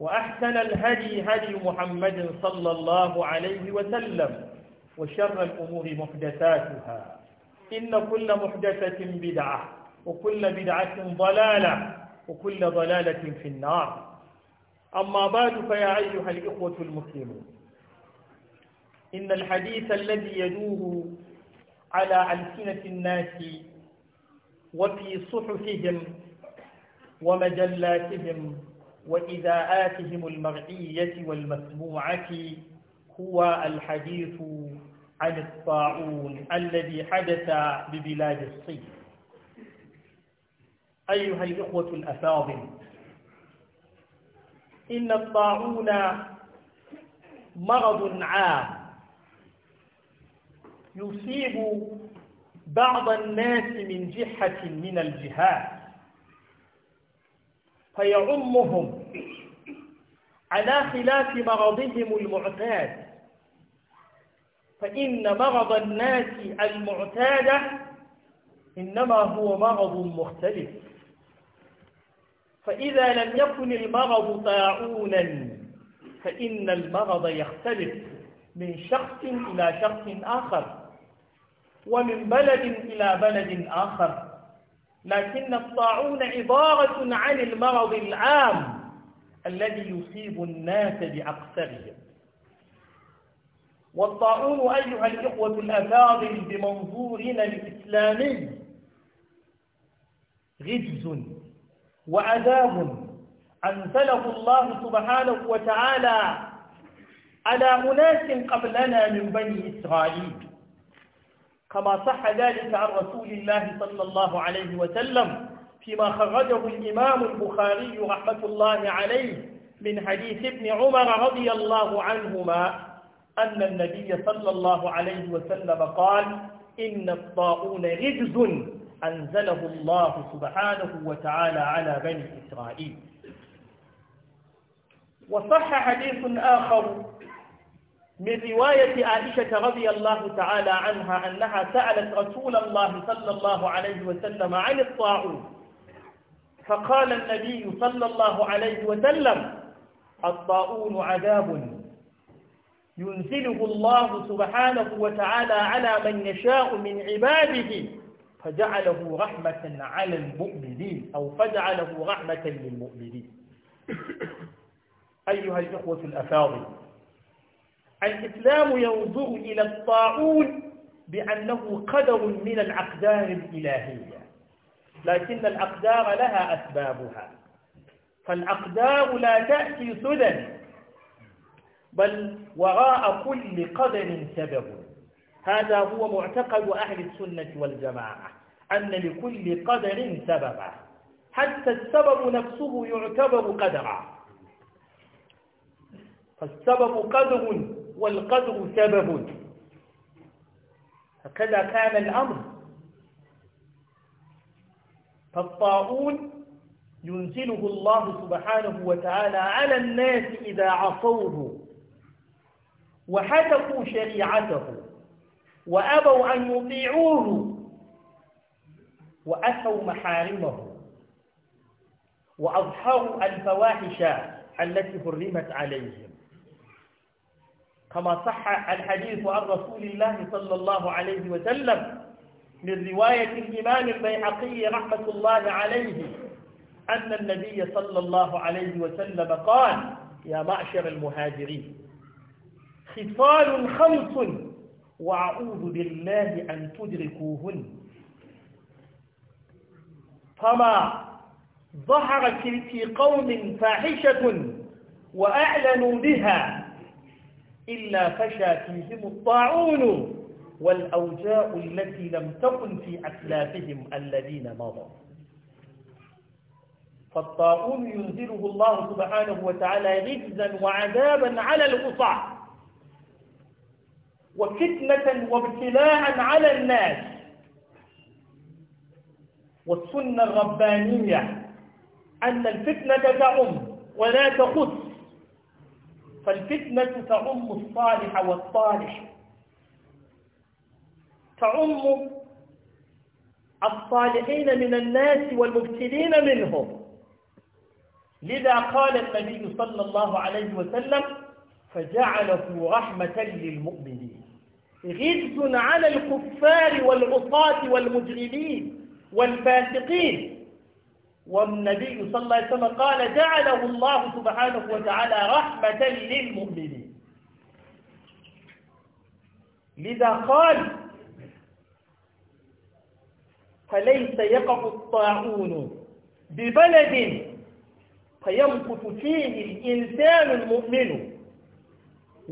وأحسن الهدي هدي محمد صلى الله عليه وسلم وشر الأمور محدثاتها إن كل محدثة بدعة وكل بدعة ضلالة وكل ضلالة في النار أما بعد فيا أيها الإخوة المسلمون إن الحديث الذي يدور على ألسنة الناس وفي صحفهم ومجلاتهم وإذاعاتهم المرئية والمسموعة هو الحديث عن الطاعون الذي حدث ببلاد الصين أيها الإخوة الأفاضل إن الطاعون مرض عام يصيب بعض الناس من جهة من الجهات فيعمهم على خلاف مرضهم المعتاد فإن مرض الناس المعتادة إنما هو مرض مختلف فإذا لم يكن المرض طاعونا فإن المرض يختلف من شخص إلى شخص آخر ومن بلد إلى بلد آخر لكن الطاعون عبارة عن المرض العام الذي يصيب الناس بأقسرهم والطاعون أيها الإخوة الأفاضل بمنظورنا الإسلامي غجز وعذاب أنزله الله سبحانه وتعالى على أناس قبلنا من بني إسرائيل كما صح ذلك عن رسول الله صلى الله عليه وسلم فيما خرجه الإمام البخاري رحمة الله عليه من حديث ابن عمر رضي الله عنهما أن النبي صلى الله عليه وسلم قال إن الطاعون رجز أنزله الله سبحانه وتعالى على بني إسرائيل وصح حديث آخر من رواية عائشة رضي الله تعالى عنها أنها سألت رسول الله صلى الله عليه وسلم عن الطاعون فقال النبي صلى الله عليه وسلم الطاعون عذاب ينزله الله سبحانه وتعالى على من يشاء من عباده فجعله رحمة على المؤمنين أو فجعله رحمة للمؤمنين أيها الإخوة الأفاضل الإسلام ينظر إلى الطاعون بأنه قدر من الأقدار الإلهية لكن الأقدار لها أسبابها فالأقدار لا تأتي سدى بل وراء كل قدم سبب هذا هو معتقد أهل السنة والجماعة أن لكل قدر سببا حتى السبب نفسه يعتبر قدرا فالسبب قدر والقدر سبب هكذا كان الأمر فالطاعون ينزله الله سبحانه وتعالى على الناس إذا عصوه وحتقوا شريعته وأبوا أن يطيعوه وأتوا محارمه وأظهروا الفواحش التي حرمت عليهم كما صح الحديث عن رسول الله صلى الله عليه وسلم من رواية الإمام البيهقي رحمة الله عليه أن النبي صلى الله عليه وسلم قال يا معشر المهاجرين خصال خمس وأعوذ بالله أن تدركوهن فما ظهرت في قوم فاحشة وأعلنوا بها إلا فشى فيهم الطاعون والأوجاء التي لم تكن في أسلافهم الذين مضوا فالطاعون ينزله الله سبحانه وتعالى رجزا وعذابا على القطاع وفتنة وابتلاعا على الناس والسنة الربانية أن الفتنة تعم ولا تخص فالفتنة تعم الصالح والصالح تعم الصالحين من الناس والمبتلين منهم لذا قال النبي صلى الله عليه وسلم فجعله رحمة للمؤمنين غز على الكفار والعصاة والمجرمين والفاسقين والنبي صلى الله عليه وسلم قال جعله الله سبحانه وتعالى رحمة للمؤمنين لذا قال فليس يقع الطاعون ببلد فيمكث فيه الإنسان المؤمن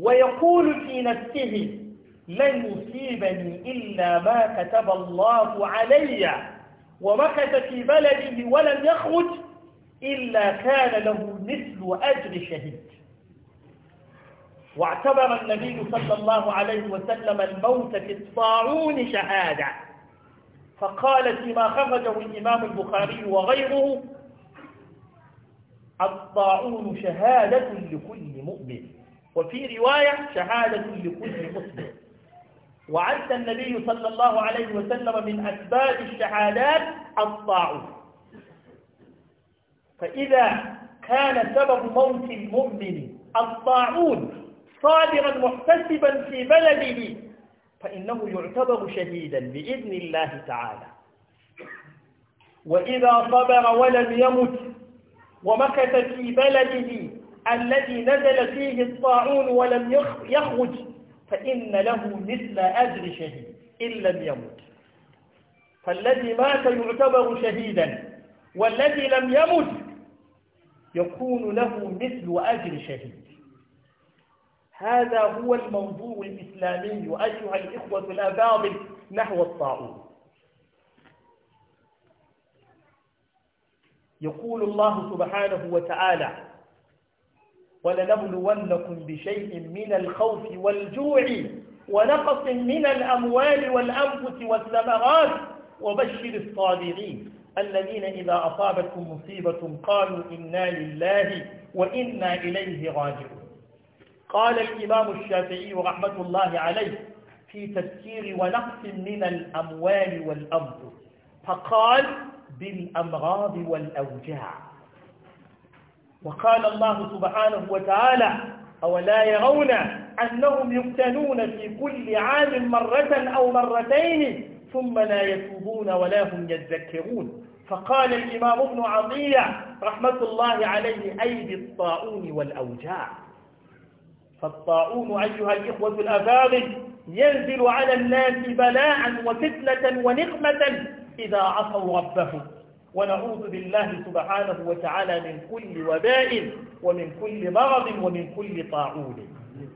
ويقول في نفسه لن يصيبني إلا ما كتب الله علي ومكث في بلده ولم يخرج إلا كان له مثل أجر شهيد واعتبر النبي صلى الله عليه وسلم الموت في الطاعون شهادة فقال فيما خرجه الإمام البخاري وغيره الطاعون شهادة لكل مؤمن وفي رواية شهادة لكل مسلم وعد النبي صلى الله عليه وسلم من أسباب الشهادات الطاعون فإذا كان سبب موت المؤمن الطاعون صادرا محتسبا في بلده فإنه يعتبر شهيدا بإذن الله تعالى وإذا صبر ولم يمت ومكث في بلده الذي نزل فيه الطاعون ولم يخرج فإن له مثل أجر شهيد إن لم يمت فالذي مات يعتبر شهيدا والذي لم يمت يكون له مثل أجر شهيد هذا هو المنظور الإسلامي أيها الإخوة الأفاضل نحو الطاعون يقول الله سبحانه وتعالى ولنبلونكم بشيء من الخوف والجوع ونقص من الأموال والأنفس والثمرات وبشر الصابرين الذين إذا أصابتهم مصيبة قالوا إنا لله وإنا إليه راجعون قال الإمام الشافعي رحمة الله عليه في تفسير ونقص من الأموال والأنفس فقال بالأمراض والأوجاع وقال الله سبحانه وتعالى أولا يرون أنهم يبتلون في كل عام مرة أو مرتين ثم لا يتوبون ولا هم يذكرون فقال الإمام ابن عطية رحمة الله عليه أي بالطاعون والأوجاع فالطاعون أيها الإخوة الأفاضل ينزل على الناس بلاء وفتنة ونقمة إذا عصوا ربهم ونعوذ بالله سبحانه وتعالى من كل وباء ومن كل مرض ومن كل طاعون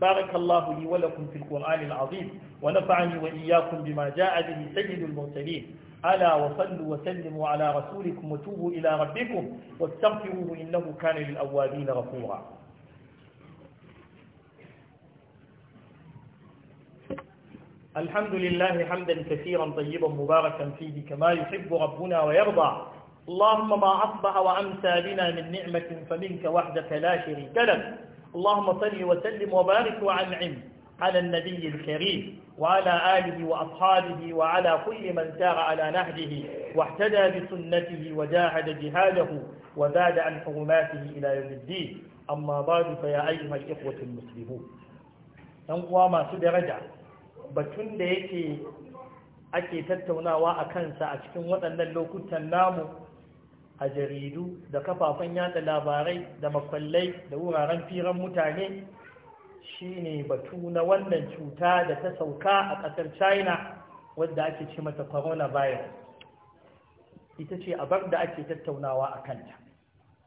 بارك الله لي ولكم في القرآن العظيم ونفعني وإياكم بما جاء به سيد المرسلين ألا وصلوا وسلموا على رسولكم وتوبوا إلى ربكم واستغفروه إنه كان للأوابين غفورا الحمد لله حمدا كثيرا طيبا مباركا فيه كما يحب ربنا ويرضى اللهم ما أصبح وأمسى بنا من نعمة فمنك وحدك لا شريك لك اللهم صل وسلم وبارك وأنعم على النبي الكريم وعلى آله وأصحابه وعلى كل من سار على نهجه واحتدى بسنته وجاهد جهاده وزاد عن حرماته إلى يوم الدين أما بعد فيا أيها الإخوة المسلمون أنقوى ما سد رجع batun da yake ake tattaunawa a kansa a cikin waɗannan lokutan namu a jaridu da kafafen yada labarai da makwallai da wuraren firan mutane shi ne batu na wannan cuta da ta sauka a ƙasar china wadda ake ce mata coronavirus ita ce abar da ake tattaunawa a kanta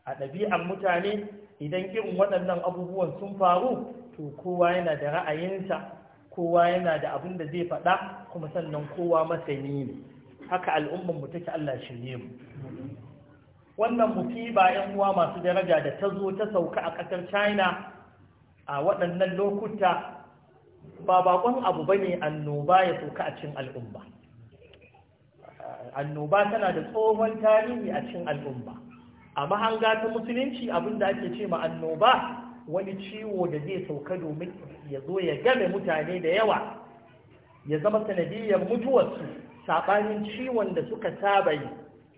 a ɗabi'ar mutane idan irin waɗannan abubuwan sun faru to kowa yana da ra'ayinsa kowa yana da abin da zai faɗa kuma sannan kowa masani ne haka al'ummar mu take Allah shirye mu wannan musiba yan uwa masu daraja da ta zo ta sauka a ƙasar China a waɗannan lokuta ba bakon abu bane annoba ya sauka a cikin al'umma annoba tana da tsohon tarihi a cikin al'umma a mahanga ta musulunci abinda ake ce ma annoba wani ciwo da zai sauka domin ya zo ya game mutane da yawa ya zama sanadiyar mutuwarsu saɓanin ciwon da suka saba yi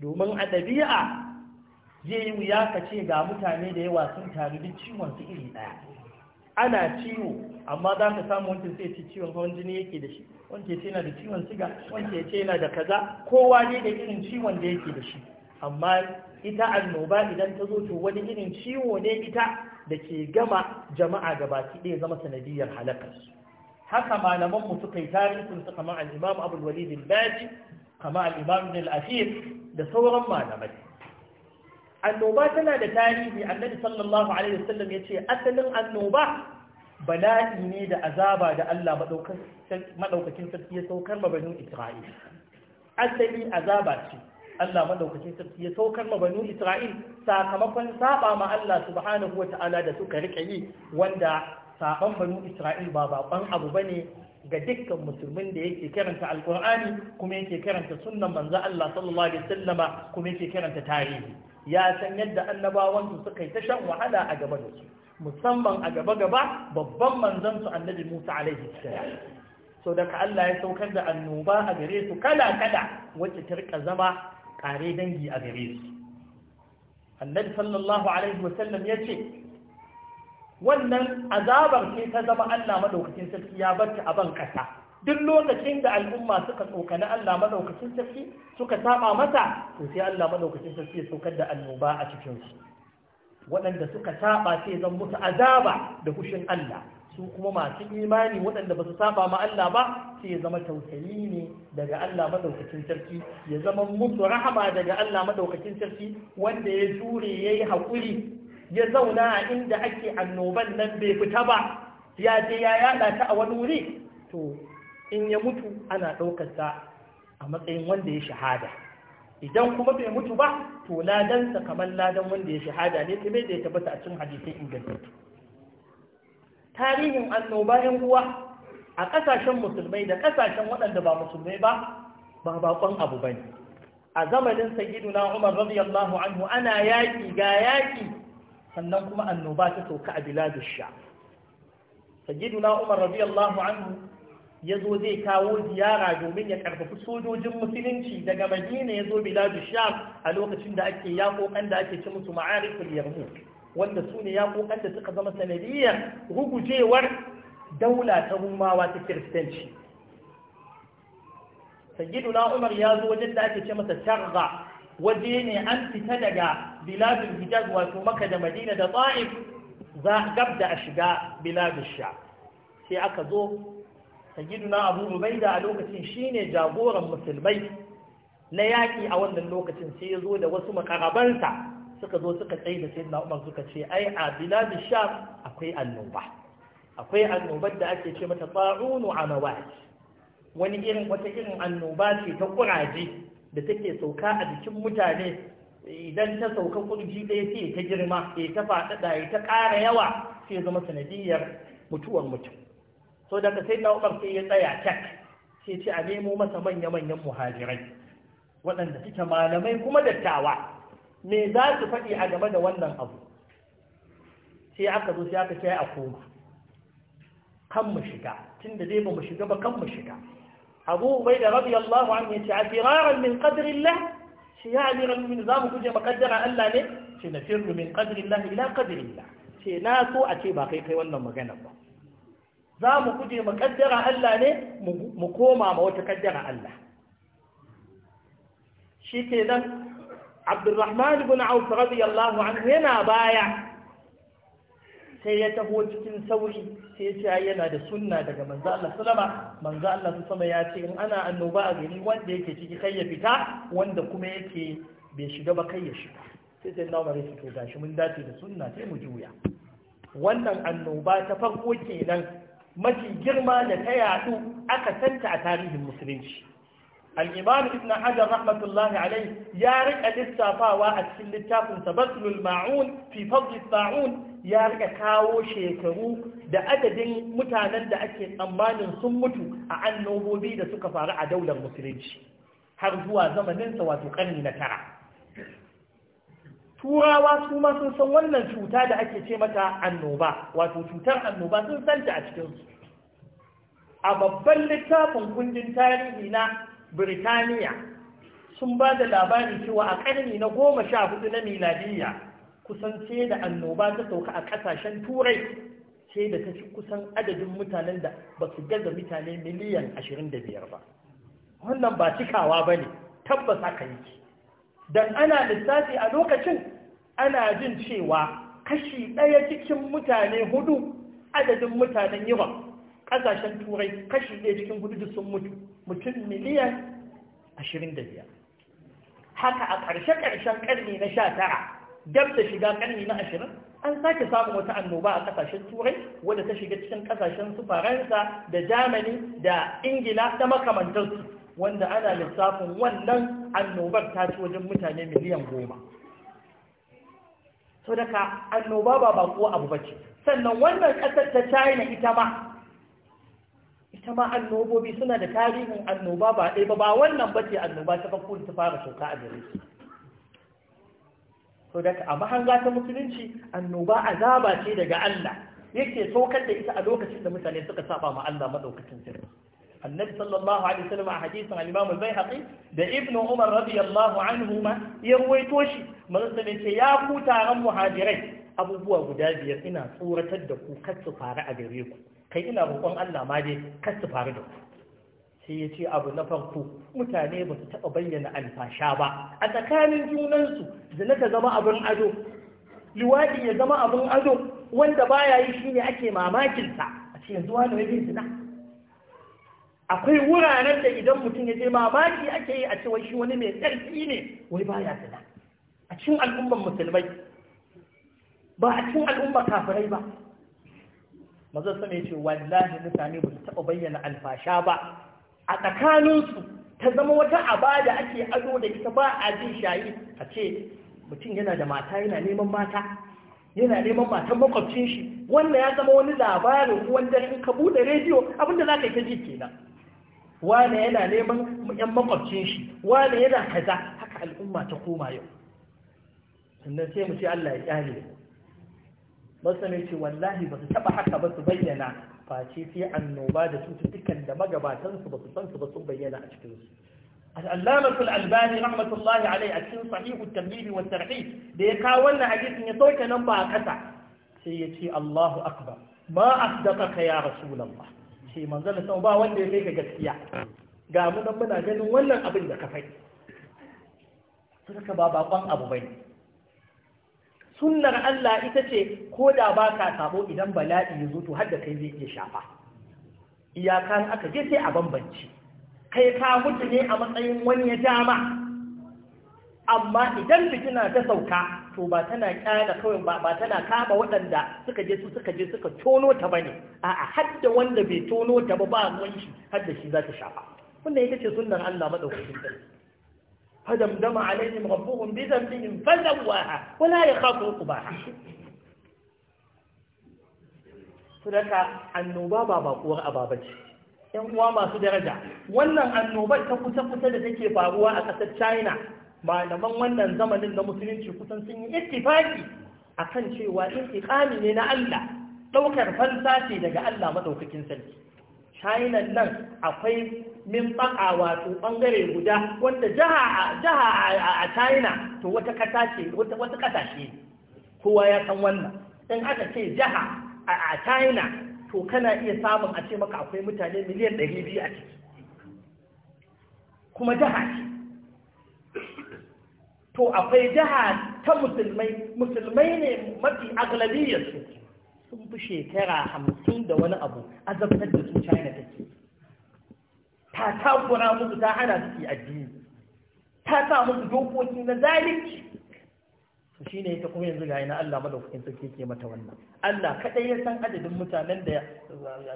domin a ɗabi'a zai yi wuya ka ce ga mutane da yawa sun taru duk ciwon su iri ɗaya ana ciwo amma za ka samu wancan sai ce ciwon hawan jini yake da shi Wanke ce yana da ciwon siga Wanke ce yana da kaza kowa ne da irin ciwon da yake da shi amma ita annoba idan ta zo to wani irin ciwo ne ita da ke gama jama'a baki ɗaya zama sanadiyar halakarsu haka malamanmu suka yi tarihin su kamar al'imam abul al-baji kamar al'imam al-ashir da sauran malamai annoba tana da tarihi annabi sallallahu alaihi wasallam yace asalin annoba bala'i ne da azaba da Allah madaukakin sarki ya saukar wa banu Isra'ila asali azaba ce Allah madaukakin sarki ya saukar ma banu Isra'il sakamakon saba ma Allah subhanahu wata'ala da suka rike yi wanda saban banu Isra'il ba baban abu bane ga dukkan musulmin da yake karanta alkur'ani kuma yake karanta sunnan manzo Allah sallallahu alaihi wasallama kuma yake karanta tarihi ya san yadda annabawansu suka yi ta shan wahala a gaba da su musamman a gaba gaba babban manzansu annabi Musa alaihi salam so daga Allah ya saukar da annoba a gare su kala kala wacce ta rika zama kare dangi a gare su annabi sallallahu alaihi wasallam ya ce wannan azabar ce ta zama Allah madaukakin sarki ya barta a ban kasa duk lokacin da al'umma suka tsokani Allah madaukakin sarki suka saba masa to sai Allah madaukakin sarki ya saukar da annoba a cikin su waɗanda suka saba sai zan musu azaba da kushin Allah su kuma masu imani waɗanda ba su saba ma Allah ba sai ya zama tausayi ne daga Allah madaukakin sarki ya zama musu rahama daga Allah madaukakin sarki wanda ya jure ya yi haƙuri ya zauna a inda ake annoban nan bai fita ba ya je ya yada ta a wani wuri to in ya mutu ana ɗaukarsa a matsayin wanda ya shahada idan kuma bai mutu ba to ladansa kamar ladan wanda ya shahada ne kamar da ya tabbata a cikin hadisai ingantattu tarihin annoba yan uwa a ƙasashen musulmai da ƙasashen waɗanda ba musulmai ba ba bakon abu bane a zamanin sayyiduna Umar radiyallahu anhu ana yaki ga yaki sannan kuma annoba ta sauka a biladush sha sayyiduna Umar radiyallahu anhu ya zo zai kawo ziyara domin ya karfafi sojojin musulunci daga madina ya zo biladu a lokacin da ake kan da ake ci musu ma'arifin yarmu wanda su ne yaƙoƙan da suka zama sanadiyyar rugujewar daula ta rumawa ta kiristanci na umar ya zo wajen da ake ce masa sharra waje ne an fita daga biladul hijaz wato maka da madina da ta'if za gab da a shiga biladul sha sai aka zo sayyiduna abu ubaida a lokacin shine jagoran musulmai na yaƙi a wannan lokacin sai ya zo da wasu makarabansa suka zo suka tsaye da sayyidina Umar suka ce ai a biladin Sham akwai annoba akwai annobar da ake ce mata ta'unu amawat wani irin wata irin annoba ce ta kuraje da take sauka a jikin mutane idan ta sauka kurji ɗaya sai ta girma sai ta faɗaɗa ya ta ƙara yawa sai zama sanadiyar mutuwar mutum so daga sayyidina Umar sai ya tsaya tak sai ce a nemo masa manya-manyan muhajirai waɗanda suke malamai kuma dattawa me za su faɗi a game da wannan abu sai aka zo sai aka kai a koma kan mu shiga tun da dai ba mu shiga ba kan mu shiga abu bai da rabi Allah an yace a firaran min qadrillah shi ya amira min za mu guje makaddara Allah ne shi na firru min qadrillah ila qadrillah ce na so a ce ba kai kai wannan magana ba za mu guje makaddara Allah ne mu koma ma wata kaddara Allah shi ke nan abdurrahman ibn auf radiyallahu anhu yana baya sai ya taho cikin sauri sai ya yana da sunna daga manzo Allah sallama manzo Allah sama ya ce in ana annoba a gari wanda yake ciki kai ya fita wanda kuma yake bai shiga ba kai ya shiga sai sai na umar ya fito gashi mun dace da sunna sai mu juya wannan annoba ta farko kenan mafi girma da ta yadu aka santa a tarihin musulunci الإمام ابن حجر رحمة الله عليه يارك الاستعفاوة أتسل التافن تبسل الماعون في فضل الطاعون يارك كاو شيكرو دا أدد متانا دا أكي أمان صمتو عن نوبوبي دا سكفار عدولة المسلمين هرزوا زمن سواتقني نترى turawa su ma sun san wannan cuta da ake ce mata annoba wato cutar annoba sun santa a cikinsu a babban littafin kundin tarihi na Birtaniya sun ba da labari cewa a ƙarni na goma sha hudu na miladiyya kusan sai da annoba ta sauka a ƙasashen turai sai da ta fi kusan adadin mutanen da ba su gaza mutane miliyan ashirin da biyar ba wannan ba cikawa ba ne tabbas haka yake don ana lissafi a lokacin ana jin cewa kashi ɗaya cikin mutane hudu adadin mutanen yawan ƙasashen turai kashi ɗaya cikin hudu sun mutu mutum miliyan ashirin da biyar haka a ƙarshe-ƙarshen ƙarni na sha tara dab da shiga ƙarni na ashirin an sake samun wata annoba a ƙasashen turai wadda ta shiga cikin ƙasashen su faransa da germany da ingila da makamantarsu wanda ana lissafin wannan annobar ta ci wajen mutane miliyan goma so daga annoba ba ba kuwa abu bace sannan wannan ƙasar ta china ita ma ita ma annobobi suna da tarihin annoba ba ɗaya ba ba wannan ba ce annoba ta farko ta fara sauka a gare su so daga a mahanga ta musulunci annoba azaba ce daga Allah yake saukar da ita a lokacin da mutane suka saba ma Allah madaukakin sirri annabi sallallahu alaihi wasallam a hadisin al-imam al-baihaqi da ibnu umar radiyallahu anhuma ya ruwaito shi manzo ce ya ku taron muhajirai abubuwa guda biyar ina tsoratar da ku kar su faru a gare ku kai ina roƙon Allah ma dai kar su faru da ku sai ya ce abu na farko mutane ba su taɓa bayyana alfasha ba a tsakanin junansu zina ta zama abin ado liwaɗi ya zama abin ado wanda baya yi shi ne ake mamakinsa a ce yanzu wani wajen zina akwai wuraren da idan mutum ya je mamaki ake yi a ce wai shi wani mai tsarki ne wai baya zina a cikin al'ummar musulmai ba a cikin al'ummar kafirai ba mazan sama ya ce wallahi mutane ba su taɓa bayyana alfasha ba a tsakaninsu ta zama wata aba da ake ado da ita ba a jin shayi a ce mutum yana da mata yana neman mata yana neman matan makwabcin shi wannan ya zama wani labarin wanda in ka bude rediyo abinda za ka yi ta ji kenan wane yana neman yan makwabcin shi wane yana kaza haka al'umma ta koma yau sannan sai mu ce Allah ya kyale masanin ce wallahi ba su taba haka ba su bayyana face annoba da cututtukan da magabatansu ba su san su ba su bayyana a cikin su al'allamatu al'albani rahmatullahi alai a cikin sahihu tamimi wa sarhi da ya kawo wannan hadisin ya sauke nan ba a kasa sai ya ce allahu akbar ma asdaka ka ya rasulullah shi manzala ba wanda ya kai ga gaskiya ga mu nan muna ganin wannan abin da ka fai suka ba bakon abu bane sunnar Allah ita ce ko da ba ka sabo idan bala'i ya zo to har da kai zai iya shafa iyakan aka je sai a bambance kai ka mutu ne a matsayin wani ya dama amma idan fitina ta sauka to ba tana da kawai ba Ba tana kama waɗanda suka je su suka je suka tono ta bane a'a har da wanda bai tono ta ba ba ruwan shi har da shi za ta shafa wannan ita ce sunnar Allah madaukakin sarki فدمدم عليهم ربهم بذنبهم فسواها ولا يخاف عقباها sadaka annoba ba bakuwar ababa yan uwa masu daraja wannan annobar ta kusa kusa da take faruwa a ƙasar China malaman wannan zamanin na musulunci kusan sun yi ittifaki akan cewa intiqami ne na Allah ɗaukar fansa ce daga Allah madaukakin sarki china nan akwai min baka wato bangare guda wanda jaha a china to wata kasa ce wata ce kowa ya san wannan in aka ce jaha a china to kana iya samun a ce maka akwai mutane miliyan 200 a ciki kuma jaha ce to akwai jaha ta musulmai musulmai ne mafi su. sun fi shekara hamsin da wani abu azabtar da su china take ta takura musu ta hana suke addini ta sa musu dokoki na zalunci to shine ita kuma yanzu ga ina Allah madaukakin sarki ke mata wannan Allah kadai ya san adadin mutanen da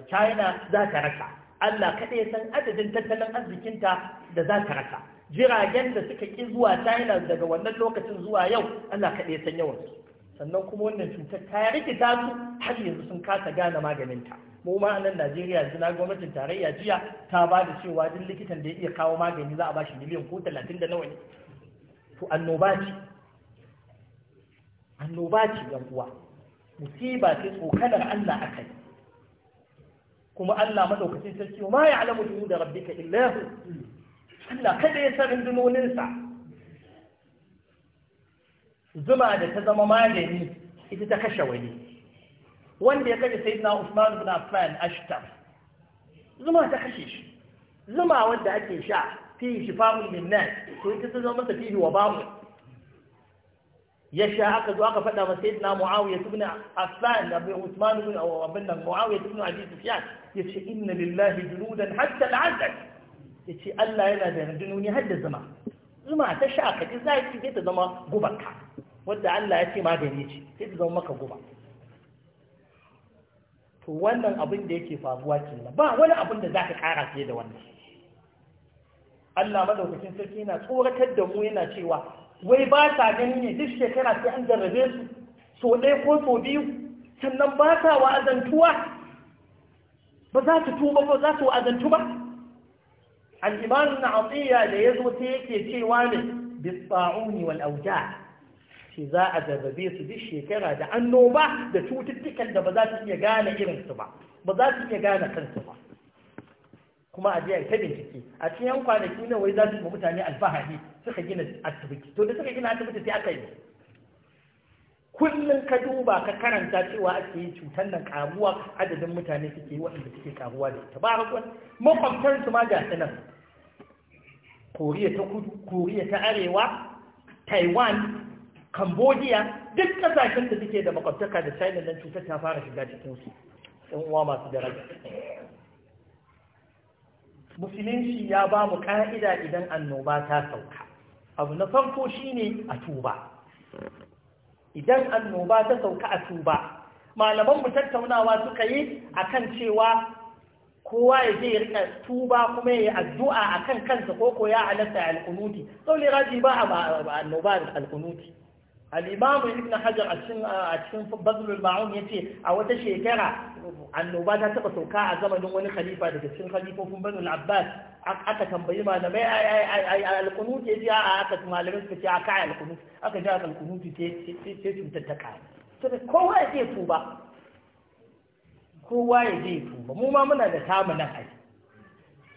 China za ta rasa Allah kadai ya san adadin tattalin arzikinta da za ta rasa jiragen da suka ki zuwa China daga wannan lokacin zuwa yau Allah kadai ya san yawansu sannan kuma wannan cutar ta rikita su har yanzu sun kasa gane maganinta mu ma nan Najeriya yanzu na gwamnatin tarayya jiya ta ba da cewa duk likitan da ya iya kawo magani za a ba shi miliyan ko talatin da nawa ne to annoba ce annoba ce yan uwa musiba ce tsokanar Allah kai. kuma Allah madaukakin sarki ma ya'lamu da rabbika illa hu Allah kada ya san rundunoninsa zuma da ta zama magani ita ta kashe wani wanda ya kashe sayyidina Usman ibn Affan ashtar zuma ta kashe shi zuma wanda ake sha fi shifamul min to ita ta zama masa fihi wa babu ya sha aka zo aka fada masa sayyidina Muawiya ibn Affan da bai Usman ibn Abin nan Muawiya ibn Abi Sufyan ya ce inna lillahi juludan hatta al-azab ce Allah yana da rundunoni har da zuma tsuma ta sha ka ji zaki sai ta zama gubanka, wadda Allah ya ce magani ce sai ta zama maka guba to wannan abin da yake faruwa nan ba wani abin da zaka kara fiye da wannan Allah madaukakin sarki yana tsoratar da mu yana cewa wai ba sa gani ne duk shekara sai an jarrabe su so ɗaya ko so biyu sannan ba sa azantuwa ba za su tuba ba za su wa'azantu ba al'imam na da ya zo sai yake cewa ne bisa'uni wal auja shi za a zarrabe su duk shekara da annoba da cututtukan da ba za su iya gane irinsu ba ba za su iya gane kansu ba kuma a je ta bincike a cikin kwanaki na wai za su mutane alfahari suka gina asibiti to da suka gina asibiti sai aka yi kullum ka duba ka karanta cewa ake yi cutar nan karuwa adadin mutane suke yi waɗanda suke karuwa da ita ba ragon makwabtar su ma gasu nan koriya ta kudu koriya ta arewa taiwan cambodia duk kasashen da suke da makwabtaka da china nan cutar ta fara shiga cikin su ɗan uwa masu daraja musulunci ya ba mu ka'ida idan annoba ta sauka abu na farko shine a tuba idan annoba ta sauka a tuba malaman mu tattaunawa suka yi akan cewa kowa ya je ya rika tuba kuma ya addu'a akan kansa ko ko ya halatta alkunuti sau ne raji ba a annoba alkunuti al'imamu ibn hajar a cikin bazlul ma'un ya ce a wata shekara annoba ta taɓa sauka a zamanin wani khalifa daga cikin khalifofin banul abbas aka tambayi malamai alkunut ya ce a aka malamai suka ce a kai alkunut aka ji aka alkunut ce cutar ta kai sai kowa ya je tuba kowa ya je tuba mu ma muna da tamu nan ai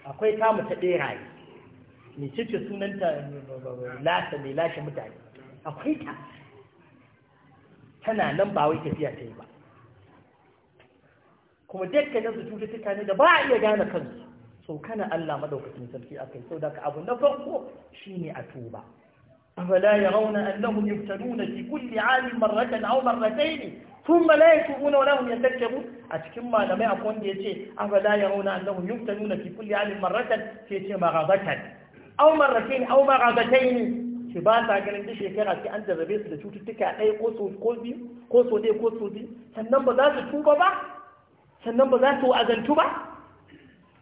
akwai tamu ta beraye mai cece sunanta lasa mai lashe mutane akwai ta tana nan ba wai tafiya ta yi ba kuma dukkanin su cututtuka ne da ba a iya gane kansu so kana Allah maɗaukacin sarki akai sau da ka abu na farko ne a tuba أفلا يرون أنهم يفتنون في كل عام مرة أو مرتين ثم لا يتوبون ولا هم يتذكرون أتكم ما لم يتي أفلا يرون أنهم يفتنون في كل عام مرة في مرضة أو مرتين أو مرضتين ce ba sa ganin duk shekara sai an jarrabe su da cututtuka ɗaya ko so ko biyu ko so ɗaya ko so biyu sannan ba za su tuba ba sannan ba za su wa'azantu ba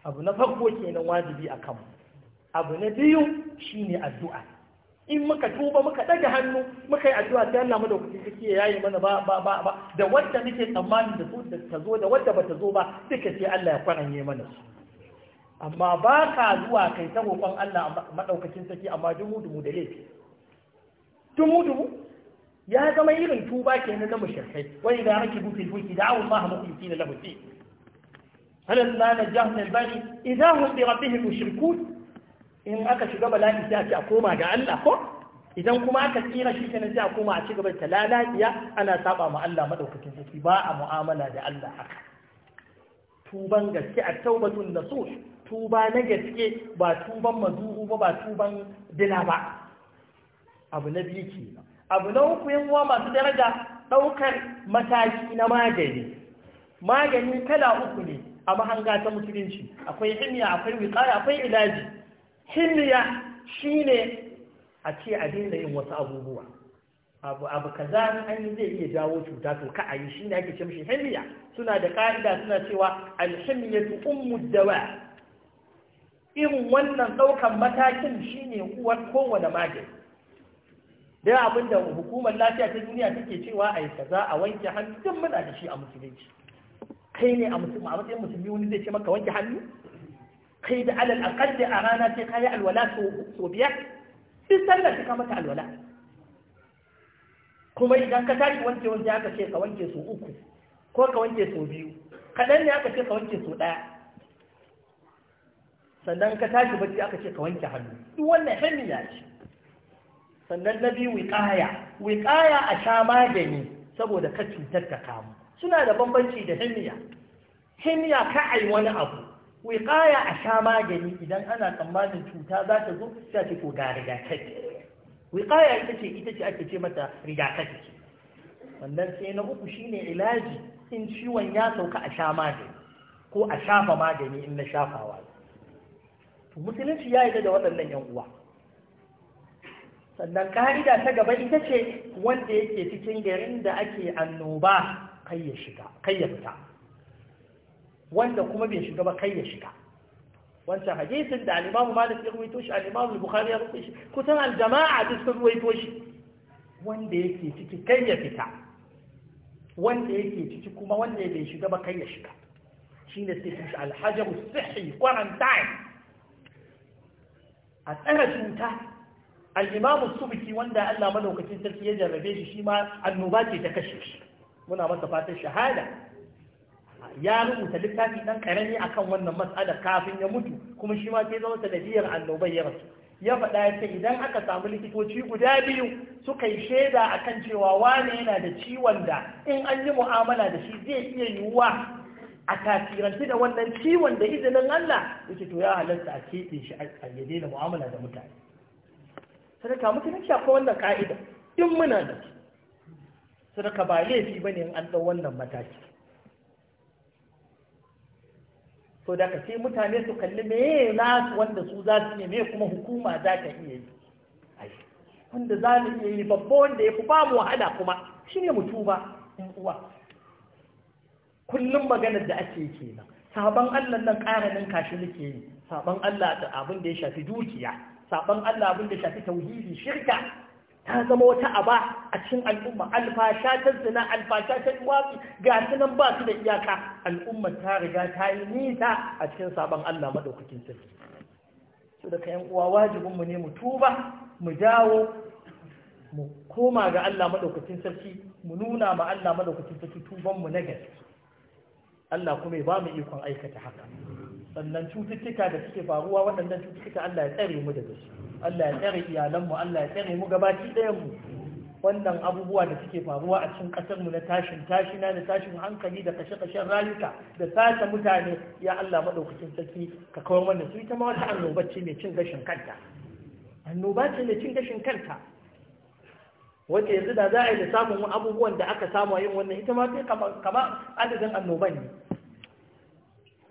abu na farko kenan wajibi a kanmu abu na biyu shine addu'a in muka tuba muka ɗaga hannu muka yi addu'a sai Allah madaukaki ya yayi mana ba ba ba ba da wanda muke tsammanin da su da ta zo da wanda bata zo ba duka sai Allah ya kwaranye mana su amma ba ka zuwa kai ta roƙon Allah madaukakin sarki amma dumu dumu da laifi tumudu ya zama irin tuba kenan na mushrikai wa idza a fil fulki da'u Allah mukhlisina lahu din na na najahna al-bani idza hum bi rabbihim mushrikun in aka shiga bala'i sai a ce a koma ga Allah ko idan kuma aka tsira shi kenan sai a koma a cigaba gaba da ana saba ma Allah madaukakin sarki ba a mu'amala da Allah haka tuban gaske a taubatun nasuh tuba na gaske ba tuban mazuhu ba ba tuban dila ba abu na biyu abu na uku uwa masu daraja ɗaukar mataki na magani magani kala uku ne a mahanga ta musulunci akwai himiya akwai wikaya akwai ilaji himiya ne a ce a daina yin wasu abubuwa abu abu kaza an yi zai iya jawo cuta to ka ayi shine ake ce shi. himiya suna da ka'ida suna cewa alhimiyatu ummu dawa irin wannan ɗaukan matakin shine uwar kowane magani da abin da hukumar lafiya ta duniya take cewa a yi kaza a wanke hannu duk muna da shi a musulunci kai ne a musulmi a matsayin musulmi wani zai ce maka wanke hannu kai da alal aqall a rana sai kai alwala so biyar sai sallar ka maka alwala kuma idan ka tashi wanke wanke aka ce ka wanke so uku ko ka wanke so biyu kaɗan ne aka ce ka wanke so ɗaya sannan ka tashi bacci aka ce ka wanke hannu duk wannan ya ce sannan na biyu wiƙaya wiƙaya a sha magani saboda ka cutar ta kamu suna da bambanci da himiya himiya ka ai wani abu wiƙaya a sha magani idan ana tsammanin cuta za ta zo sai ce ko ga rigakafi wiƙaya ita ce ita ce ake ce mata rigakafi Sannan sai na uku shine ilaji in ciwon ya sauka a sha magani ko a shafa magani in na shafawa to musulunci ya yi da waɗannan yan uwa sannan ka'ida ta gaba ita ce wanda yake cikin garin da ake annoba kai ya shiga kai ya fita wanda kuma bai shiga ba kai ya shiga wancan hadisin da al-Imam Malik ya ruwaito shi al-Imam Bukhari ya ruwaito shi kusan al-jama'a duk sun ruwaito shi wanda yake ciki kai ya fita wanda yake ciki kuma wanda bai shiga ba kai ya shiga shine sai shi al-hajaru sihhi quarantine a tsara cuta Alimamu Subiki, wanda Allah madaukakin sarki ya jarrabe shi shi ma annoba ce ta kashe shi muna masa fatan shahada ya rubuta littafi ɗan karami akan wannan matsalar kafin ya mutu kuma shi ma sai zama sanadiyar annobai ya rasu ya faɗa ya ce idan aka samu likitoci guda biyu suka yi shaida akan cewa wane yana da ciwon da in an yi mu'amala da shi zai iya yiwuwa a tasiranci da wannan ciwon da izinin Allah yake to ya halatta a keɓe shi a daina mu'amala da mutane sadaka musulunci akwai wannan ka'ida in muna da sadaka ba laifi ba ne an ɗau wannan mataki to da ka sai mutane su kalli me na su wanda su za su ne me kuma hukuma za ta iya yi wanda za mu iya yi babba wanda ya fi ba mu wahala kuma shine ne mutu ba in uwa kullum maganar da ake kenan sabon allah nan ƙara kashi nake yi sabon allah da abin da ya shafi dukiya saban Allah abin da shafi tauhidi shirka ta zama wata aba a cikin al'umma alfasha ta zina alfasha ta wafi ga su nan ba su da iyaka al'umma ta riga ta yi nisa a cikin saban Allah madaukakin sarki su da kayan uwa wajibin mu ne mu tuba mu dawo mu koma ga Allah madaukakin sarki mu nuna ma Allah madaukakin sarki tuban mu na gaske Allah kuma ya ba mu ikon aikata haka sannan cututtuka da suke faruwa waɗannan cututtuka Allah ya tsare mu da su Allah ya tsare iyalanmu Allah ya tsare mu gabaki ɗayan mu wannan abubuwa da suke faruwa a cikin ƙasar mu na tashin tashina da tashin hankali da kashe-kashen rayuka da sace mutane ya Allah madaukakin sarki ka kawar mana su ita ma wata annoba ce mai cin gashin kanta annoba ce mai cin gashin kanta wacce yanzu da za a yi da samun abubuwan da aka samu yin wannan ita ma sai kama adadin annoban ne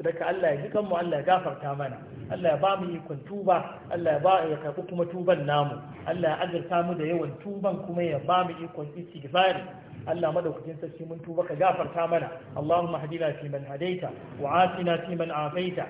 ka Allah ya ji kanmu Allah ya gafarta mana Allah ya ba mu ikon tuba Allah ya ba ya karbi kuma tuban namu Allah ya azurta mu da yawan tuban kuma ya ba mu ikon istighfari Allah madaukakin sarki mun tuba ka gafarta mana Allahumma hadina fi man hadaita wa afina fi man afaita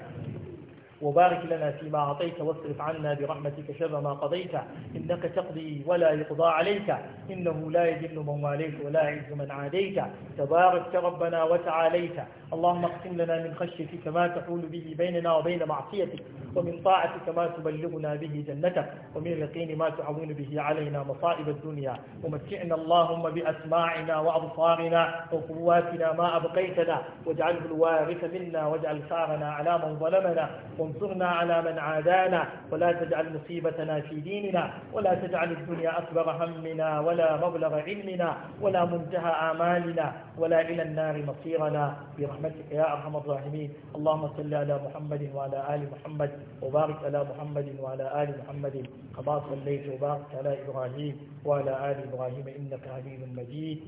وبارك لنا فيما أعطيت واصرف عنا برحمتك شر ما قضيت إنك تقضي ولا يقضى عليك إنه لا يذل من واليت ولا يعز من عاديت تبارك ربنا وتعاليت اللهم اقسم لنا من خشيتك ما تحول به بيننا وبين معصيتك ومن طاعتك ما تبلغنا به جنتك ومن يقين ما تعون به علينا مصائب الدنيا ومتعنا اللهم بأسماعنا وأبصارنا وقواتنا ما أبقيتنا واجعله الوارث منا واجعل ثارنا على من ظلمنا وانصرنا على من عادانا ولا تجعل مصيبتنا في ديننا ولا تجعل الدنيا أكبر همنا ولا مبلغ علمنا ولا منتهى آمالنا ولا إلى النار مصيرنا برحمتك يا أرحم الراحمين اللهم صل على محمد وعلى آل محمد وبارك على محمد وعلى آل محمد كما صليت وبارك على إبراهيم وعلى آل إبراهيم إنك حميد مجيد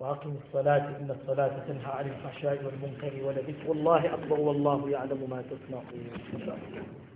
وأقم الصلاة إن الصلاة تنهى عن الفحشاء والمنكر ولذكر الله أكبر والله يعلم ما تصنعون